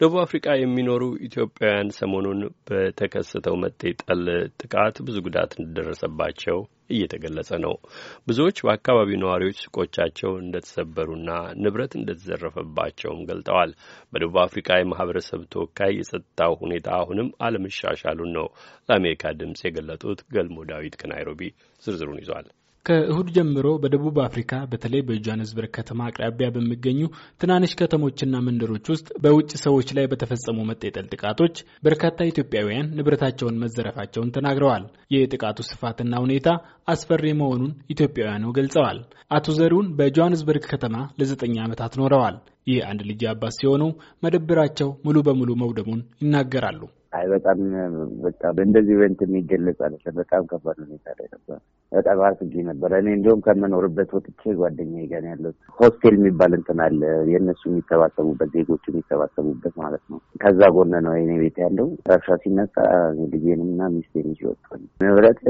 ደቡብ አፍሪቃ የሚኖሩ ኢትዮጵያውያን ሰሞኑን በተከሰተው መጤ ጠል ጥቃት ብዙ ጉዳት እንደደረሰባቸው እየተገለጸ ነው። ብዙዎች በአካባቢው ነዋሪዎች ሱቆቻቸው እንደተሰበሩና ንብረት እንደተዘረፈባቸውም ገልጠዋል። በደቡብ አፍሪካ የማህበረሰብ ተወካይ የጸጥታው ሁኔታ አሁንም አለመሻሻሉን ነው ለአሜሪካ ድምፅ የገለጡት። ገልሞ ዳዊት ከናይሮቢ ዝርዝሩን ይዟል። ከእሁድ ጀምሮ በደቡብ አፍሪካ በተለይ በጆሃንስበርግ ከተማ አቅራቢያ በሚገኙ ትናንሽ ከተሞችና መንደሮች ውስጥ በውጭ ሰዎች ላይ በተፈጸሙ መጤጠል ጥቃቶች በርካታ ኢትዮጵያውያን ንብረታቸውን መዘረፋቸውን ተናግረዋል። የጥቃቱ ስፋትና ሁኔታ አስፈሪ መሆኑን ኢትዮጵያውያኑ ገልጸዋል። አቶ ዘሪሁን በጆሃንስበርግ ከተማ ለዘጠኝ ዓመታት ኖረዋል። ይህ አንድ ልጅ አባት ሲሆኑ መደብራቸው ሙሉ በሙሉ መውደሙን ይናገራሉ። አይ በጣም በቃ እንደዚህ በንት የሚገለጽ በጣም ከባድ ሁኔታ ላይ ነበር። ተጠባስጌ ነበረ። እኔ እንዲሁም ከምኖርበት ወጥቼ ጓደኛ ጋር ያለው ሆስቴል የሚባል እንትን አለ፣ የእነሱ የሚሰባሰቡበት ዜጎቹ የሚሰባሰቡበት ማለት ነው። ከዛ ጎን ነው የኔ ቤት ያለው። ረብሻ ሲነሳ ልጄንና ሚስቴን ይዤ ንብረት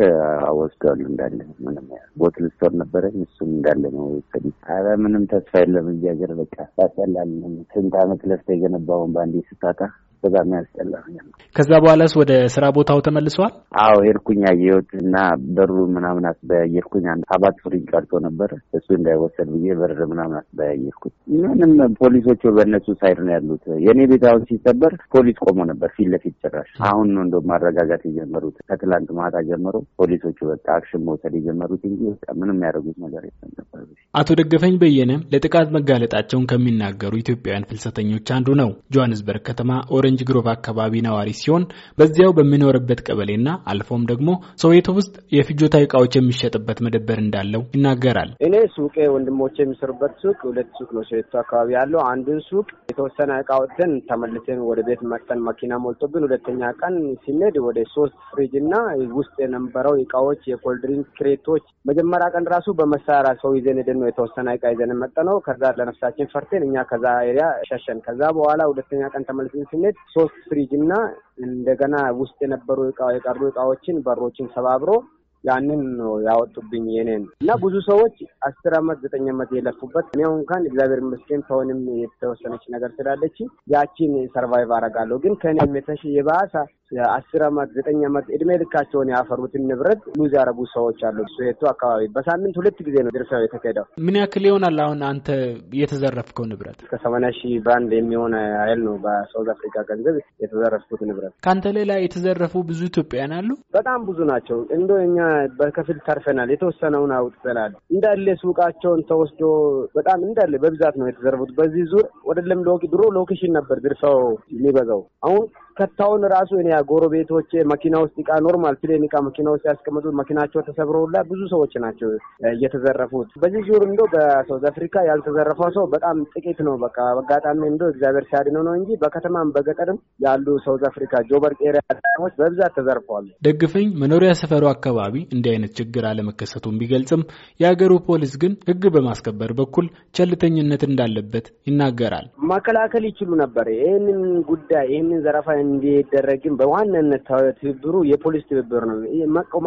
አወስዷሉ እንዳለ። ምንም ቦትል ስቶር ነበረኝ፣ እሱም እንዳለ ነው የወሰዱት። ኧረ ምንም ተስፋ የለም እዚህ ሀገር በቃ ያሰላል። ስንት አመት ለፍተህ የገነባውን በአንዴ ስታጣ በጣም ያስጠላ ነገር ከዛ በኋላስ ወደ ስራ ቦታው ተመልሰዋል? አዎ ሄድኩኝ፣ አየሁት እና በሩ ምናምን አስበያየርኩኝ። አንድ አባት ፍሪጅ ቀርቶ ነበር እሱ እንዳይወሰድ ብዬ በር ምናምን አስበያየርኩኝ። ምንም ፖሊሶቹ በእነሱ ሳይድ ነው ያሉት። የእኔ ቤት አሁን ሲሰበር ፖሊስ ቆሞ ነበር ፊት ለፊት ጭራሽ። አሁን ነው እንደው ማረጋጋት የጀመሩት ከትላንት ማታ ጀምሮ ፖሊሶቹ በቃ አክሽን መውሰድ የጀመሩት እንጂ ምንም ያደርጉት ነገር የለም ነበር። አቶ ደገፈኝ በየነ ለጥቃት መጋለጣቸውን ከሚናገሩ ኢትዮጵያውያን ፍልሰተኞች አንዱ ነው። ጆሃንስበርግ ከተማ ኦረ ኦሬንጅ ግሮቭ አካባቢ ነዋሪ ሲሆን በዚያው በሚኖርበት ቀበሌና አልፎም ደግሞ ሶቪየት ውስጥ የፍጆታ እቃዎች የሚሸጥበት መደብር እንዳለው ይናገራል። እኔ ሱቄ ወንድሞቼ የሚሰሩበት ሱቅ ሁለት ሱቅ ነው ሶዌቶ አካባቢ ያለው። አንዱን ሱቅ የተወሰነ እቃ ወጥተን ተመልሰን ወደ ቤት መጠን መኪና ሞልቶብን፣ ሁለተኛ ቀን ሲንሄድ ወደ ሶስት ፍሪጅ እና ውስጥ የነበረው እቃዎች የኮልድሪንክ ክሬቶች መጀመሪያ ቀን ራሱ በመሳሪያ ሰው ይዘን ሄደን ነው የተወሰነ እቃ ይዘን መጠ ነው። ከዛ ለነፍሳችን ፈርቴን እኛ ከዛ ኤሪያ ሸሸን። ከዛ በኋላ ሁለተኛ ቀን ተመልሰን ስንሄድ ሶስት ፍሪጅ እና እንደገና ውስጥ የነበሩ የቀሩ እቃዎችን በሮችን ሰባብሮ ያንን ነው ያወጡብኝ የኔን እና ብዙ ሰዎች አስር አመት ዘጠኝ አመት የለፉበት እኔ እንኳን እግዚአብሔር ይመስገን ከሆንም የተወሰነች ነገር ስላለች ያቺን ሰርቫይቭ አረጋለሁ። ግን ከኔ የተሽ የባሳ አስር አመት ዘጠኝ አመት እድሜ ልካቸውን ያፈሩትን ንብረት ሉዝ ያደረጉ ሰዎች አሉ። ሱሄቱ አካባቢ በሳምንት ሁለት ጊዜ ነው ድርሰው የተካሄደው። ምን ያክል ይሆናል አሁን አንተ የተዘረፍከው ንብረት? እስከ ሰማንያ ሺህ ብራንድ የሚሆን ያህል ነው በሳውዝ አፍሪካ ገንዘብ የተዘረፍኩት ንብረት። ከአንተ ሌላ የተዘረፉ ብዙ ኢትዮጵያውያን አሉ። በጣም ብዙ ናቸው። እንደ እኛ በከፊል ተርፈናል። የተወሰነውን አውጥተናል። እንዳለ ሱቃቸውን ተወስዶ በጣም እንዳለ በብዛት ነው የተዘረፉት። በዚህ ዙር ወደ ድሮ ሎኬሽን ነበር ድርሰው የሚበዛው አሁን ከታውን ራሱ እኔ ጎረቤቶች መኪና ውስጥ እቃ ኖርማል ፕሌን እቃ መኪና ውስጥ ያስቀመጡት መኪናቸው ተሰብረውላ ብዙ ሰዎች ናቸው እየተዘረፉት። በዚህ ዙር እንደ በሳውዝ አፍሪካ ያልተዘረፈ ሰው በጣም ጥቂት ነው። በቃ በአጋጣሚ እንደ እግዚአብሔር ሲያድነው ነው እንጂ በከተማም በገጠርም ያሉ ሳውዝ አፍሪካ ጆበርግ ኤሪያ በብዛት ተዘርፈዋል። ደግፈኝ መኖሪያ ሰፈሩ አካባቢ እንዲህ አይነት ችግር አለመከሰቱን ቢገልጽም የአገሩ ፖሊስ ግን ህግ በማስከበር በኩል ቸልተኝነት እንዳለበት ይናገራል። መከላከል ይችሉ ነበር ይህንን ጉዳይ ይህንን ዘረፋ እንዲደረግም በዋናነት ትብብሩ የፖሊስ ትብብር ነው።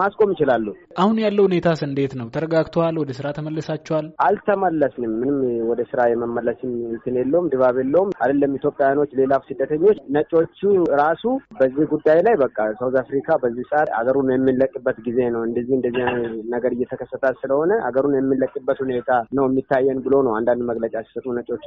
ማስቆም ይችላሉ። አሁን ያለው ሁኔታስ እንዴት ነው? ተረጋግተዋል? ወደ ስራ ተመልሳችኋል? አልተመለስንም። ምንም ወደ ስራ የመመለስም እንትን የለውም፣ ድባብ የለውም። አይደለም ኢትዮጵያውያኖች፣ ሌላ ስደተኞች፣ ነጮቹ ራሱ በዚህ ጉዳይ ላይ በቃ ሳውዝ አፍሪካ በዚህ ሰዓት አገሩን የምንለቅበት ጊዜ ነው፣ እንደዚህ እንደዚህ ነገር እየተከሰተ ስለሆነ አገሩን የምንለቅበት ሁኔታ ነው የሚታየን ብሎ ነው አንዳንድ መግለጫ ሲሰጡ ነጮቹ።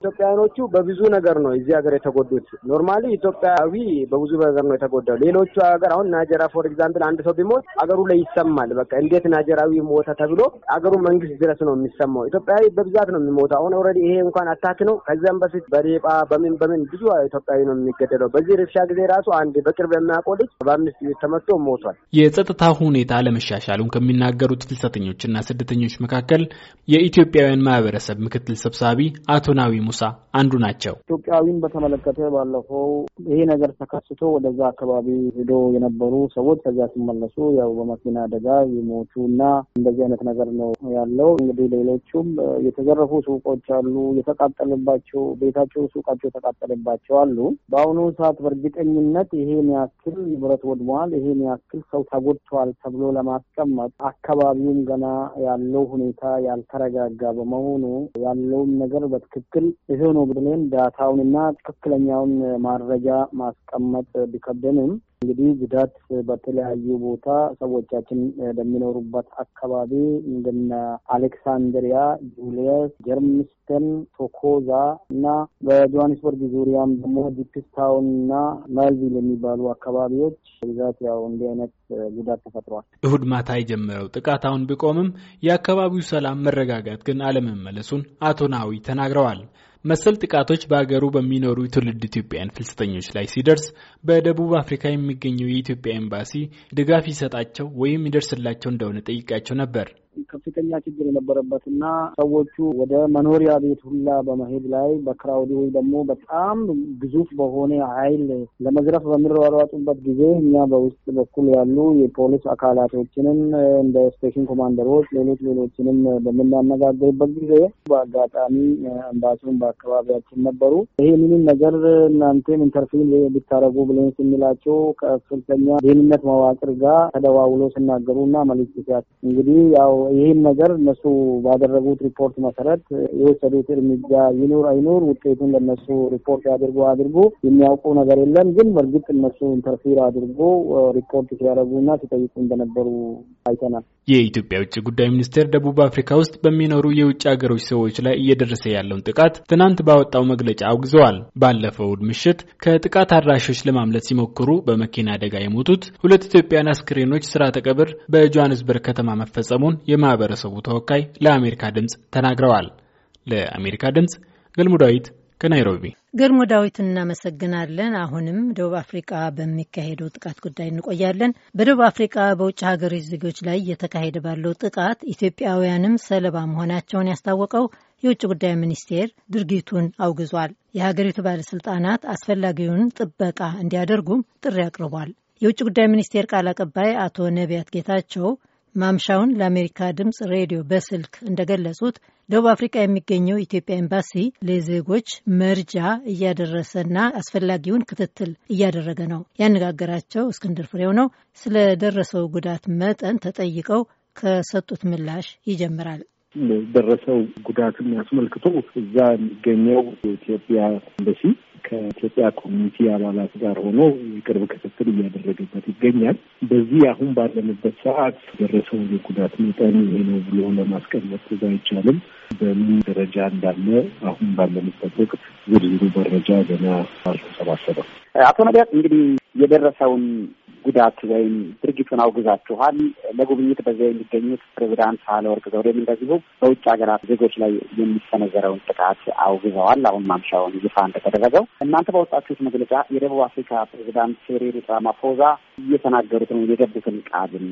ኢትዮጵያውያኖቹ በብዙ ነገር ነው እዚህ ሀገር የተጎዱት። ኖርማሊ ኢትዮጵያ አካባቢ በብዙ ነገር ነው የተጎዳው። ሌሎቹ ሀገር አሁን ናጀራ ፎር ኤግዛምፕል አንድ ሰው ቢሞት አገሩ ላይ ይሰማል። በቃ እንዴት ናጀራዊ ሞተ ተብሎ አገሩ መንግስት ድረስ ነው የሚሰማው። ኢትዮጵያዊ በብዛት ነው የሚሞተው። አሁን ኦልሬዲ ይሄ እንኳን አታክ ነው። ከዚያም በፊት በሌባ በምን በምን ብዙ ኢትዮጵያዊ ነው የሚገደለው። በዚህ ርብሻ ጊዜ ራሱ አንድ በቅርብ የማያውቀው ልጅ በአምስት ተመቶ ሞቷል። የጸጥታ ሁኔታ ለመሻሻሉን ከሚናገሩት ፍልሰተኞችና ስደተኞች መካከል የኢትዮጵያውያን ማህበረሰብ ምክትል ሰብሳቢ አቶ ናዊ ሙሳ አንዱ ናቸው። ኢትዮጵያዊን በተመለከተ ባለፈው ይሄ ነገር ተከስቶ ወደዛ አካባቢ ሄዶ የነበሩ ሰዎች ከዚያ ሲመለሱ ያው በመኪና አደጋ የሞቱ እና እንደዚህ አይነት ነገር ነው ያለው። እንግዲህ ሌሎቹም የተዘረፉ ሱቆች አሉ፣ የተቃጠልባቸው ቤታቸው፣ ሱቃቸው የተቃጠልባቸው አሉ። በአሁኑ ሰዓት በእርግጠኝነት ይሄን ያክል ንብረት ወድመዋል፣ ይሄን ያክል ሰው ተጎድተዋል ተብሎ ለማስቀመጥ አካባቢውም ገና ያለው ሁኔታ ያልተረጋጋ በመሆኑ ያለውን ነገር በትክክል ይሄ ነው ብለን ዳታውንና ትክክለኛውን ማረጃ ማስቀመጥ ቢከብደንም እንግዲህ ጉዳት በተለያዩ ቦታ ሰዎቻችን በሚኖሩበት አካባቢ እንደነ አሌክሳንድሪያ፣ ጁልየስ፣ ጀርምስተን፣ ቶኮዛ እና በጆሃንስበርግ ዙሪያም ደግሞ ዲፕስታውን እና መልቪል የሚባሉ አካባቢዎች ብዛት ያው እንዲህ አይነት ጉዳት ተፈጥሯል። እሁድ ማታ የጀመረው ጥቃት አሁን ቢቆምም የአካባቢው ሰላም መረጋጋት ግን አለመመለሱን አቶ ናዊ ተናግረዋል። መሰል ጥቃቶች በአገሩ በሚኖሩ ትውልድ ኢትዮጵያውያን ፍልሰተኞች ላይ ሲደርስ በደቡብ አፍሪካ የሚገኘው የኢትዮጵያ ኤምባሲ ድጋፍ ይሰጣቸው ወይም ይደርስላቸው እንደሆነ ጠይቃቸው ነበር። ከፍተኛ ችግር የነበረበት እና ሰዎቹ ወደ መኖሪያ ቤት ሁላ በመሄድ ላይ በክራውዲ ወይ ደግሞ በጣም ግዙፍ በሆነ ኃይል ለመዝረፍ በሚሯሯጡበት ጊዜ እኛ በውስጥ በኩል ያሉ የፖሊስ አካላቶችንም እንደ ስቴሽን ኮማንደሮች፣ ሌሎች ሌሎችንም በምናነጋግርበት ጊዜ በአጋጣሚ አምባሲውን በአካባቢያችን ነበሩ። ይሄ ምንም ነገር እናንተም ኢንተርፊል ብታደረጉ ብለን ስንላቸው ከፍተኛ ደህንነት መዋቅር ጋር ተደዋውሎ ስናገሩ እና መልክት እንግዲህ ያው ይህን ነገር እነሱ ባደረጉት ሪፖርት መሰረት የወሰዱት እርምጃ ይኑር አይኑር ውጤቱን ለነሱ ሪፖርት ያድርጉ አድርጉ የሚያውቁ ነገር የለም። ግን በእርግጥ እነሱ ኢንተርፊር አድርጎ ሪፖርት ሲያደርጉና ሲጠይቁ እንደነበሩ አይተናል። የኢትዮጵያ ውጭ ጉዳይ ሚኒስቴር ደቡብ አፍሪካ ውስጥ በሚኖሩ የውጭ ሀገሮች ሰዎች ላይ እየደረሰ ያለውን ጥቃት ትናንት ባወጣው መግለጫ አውግዘዋል። ባለፈው እሑድ ምሽት ከጥቃት አድራሾች ለማምለጥ ሲሞክሩ በመኪና አደጋ የሞቱት ሁለት ኢትዮጵያውያን አስክሬኖች ስርዓተ ቀብር በጆሃንስበርግ ከተማ መፈጸሙን የማህበረሰቡ ተወካይ ለአሜሪካ ድምፅ ተናግረዋል። ለአሜሪካ ድምፅ ገልሙ ዳዊት ከናይሮቢ። ገልሙ ዳዊት እናመሰግናለን። አሁንም ደቡብ አፍሪቃ በሚካሄደው ጥቃት ጉዳይ እንቆያለን። በደቡብ አፍሪቃ በውጭ ሀገሮች ዜጎች ላይ እየተካሄደ ባለው ጥቃት ኢትዮጵያውያንም ሰለባ መሆናቸውን ያስታወቀው የውጭ ጉዳይ ሚኒስቴር ድርጊቱን አውግዟል። የሀገሪቱ ባለስልጣናት አስፈላጊውን ጥበቃ እንዲያደርጉም ጥሪ አቅርቧል። የውጭ ጉዳይ ሚኒስቴር ቃል አቀባይ አቶ ነቢያት ጌታቸው ማምሻውን ለአሜሪካ ድምፅ ሬዲዮ በስልክ እንደገለጹት ደቡብ አፍሪካ የሚገኘው ኢትዮጵያ ኤምባሲ ለዜጎች መርጃ እያደረሰና አስፈላጊውን ክትትል እያደረገ ነው። ያነጋገራቸው እስክንድር ፍሬው ነው። ስለደረሰው ጉዳት መጠን ተጠይቀው ከሰጡት ምላሽ ይጀምራል። ደረሰው ጉዳትን አስመልክቶ እዛ የሚገኘው የኢትዮጵያ ኤምባሲ ከኢትዮጵያ ኮሚኒቲ አባላት ጋር ሆኖ የቅርብ ክትትል እያደረገበት ይገኛል። በዚህ አሁን ባለንበት ሰዓት ደረሰው የጉዳት መጠን ይሄ ነው ብሎ ለማስቀመጥ አይቻልም። በምን ደረጃ እንዳለ አሁን ባለንበት ወቅት ዝርዝሩ መረጃ ገና አልተሰባሰበም። አቶ ነቢያት እንግዲህ የደረሰውን ጉዳት ወይም ድርጊቱን አውግዛችኋል። ለጉብኝት በዚያ የሚገኙት ፕሬዚዳንት ሳህለወርቅ ዘውዴም እንደዚሁ በውጭ ሀገራት ዜጎች ላይ የሚሰነዘረውን ጥቃት አውግዘዋል። አሁን ማምሻውን ይፋ እንደተደረገው እናንተ በወጣችሁት መግለጫ የደቡብ አፍሪካ ፕሬዚዳንት ሲሪል ራማፎዛ እየተናገሩትን የገቡትን ቃልን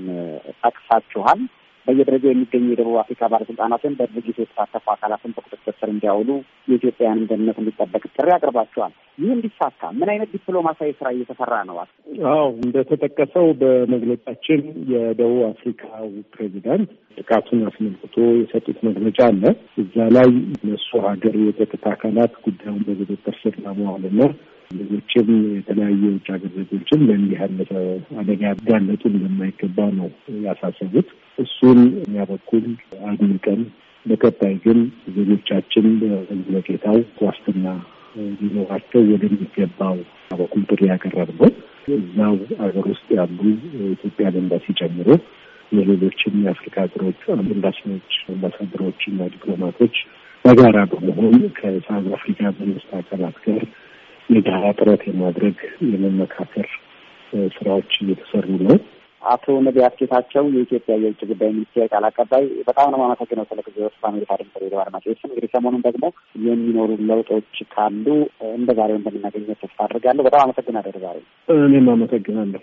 ጠቅሳችኋል። በየደረጃው የሚገኙ የደቡብ አፍሪካ ባለስልጣናትን በድርጊቱ የተሳተፉ አካላትን በቁጥጥር ስር እንዲያውሉ የኢትዮጵያውያን ደህንነት እንዲጠበቅ ጥሪ አቅርባቸዋል። ይህ እንዲሳካ ምን አይነት ዲፕሎማሲያዊ ስራ እየተሰራ ነው? አዎ እንደተጠቀሰው በመግለጫችን የደቡብ አፍሪካው ፕሬዚዳንት ጥቃቱን አስመልክቶ የሰጡት መግለጫ አለ። እዛ ላይ እነሱ ሀገር የጸጥታ አካላት ጉዳዩን በቁጥጥር ስር ለማዋልና ዜጎችም የተለያዩ የውጭ ሀገር ዜጎችም ለእንዲህ አይነት አደጋ ያጋለጡ እንደማይገባ ነው ያሳሰቡት። እሱን እኛ በኩል አድንቀን በቀጣይ ግን ዜጎቻችን በዝለቄታው ዋስትና ሊኖራቸው ወደሚገባው በኩል ጥሪ ያቀረብ ነው። እዛው ሀገር ውስጥ ያሉ ኢትዮጵያ ኤምባሲ ጨምሮ የሌሎችም የአፍሪካ ሀገሮች ኤምባሲዎች፣ አምባሳደሮች እና ዲፕሎማቶች በጋራ በመሆን ከሳውዝ አፍሪካ መንግስት አካላት ጋር የጋራ ጥረት የማድረግ የመመካከር ስራዎች እየተሰሩ ነው። አቶ ነቢያት ጌታቸው የኢትዮጵያ የውጭ ጉዳይ ሚኒስቴር ቃል አቀባይ፣ በጣም ነው የማመሰግነው ስለ ጊዜዎች። በአሜሪካ ድምጽ ሬዲዮ አድማጮች ስም እንግዲህ ሰሞኑን ደግሞ የሚኖሩ ለውጦች ካሉ እንደ ዛሬው እንደምናገኘው ተስፋ አድርጋለሁ። በጣም አመሰግናለሁ። ዛሬ እኔም አመሰግናለሁ።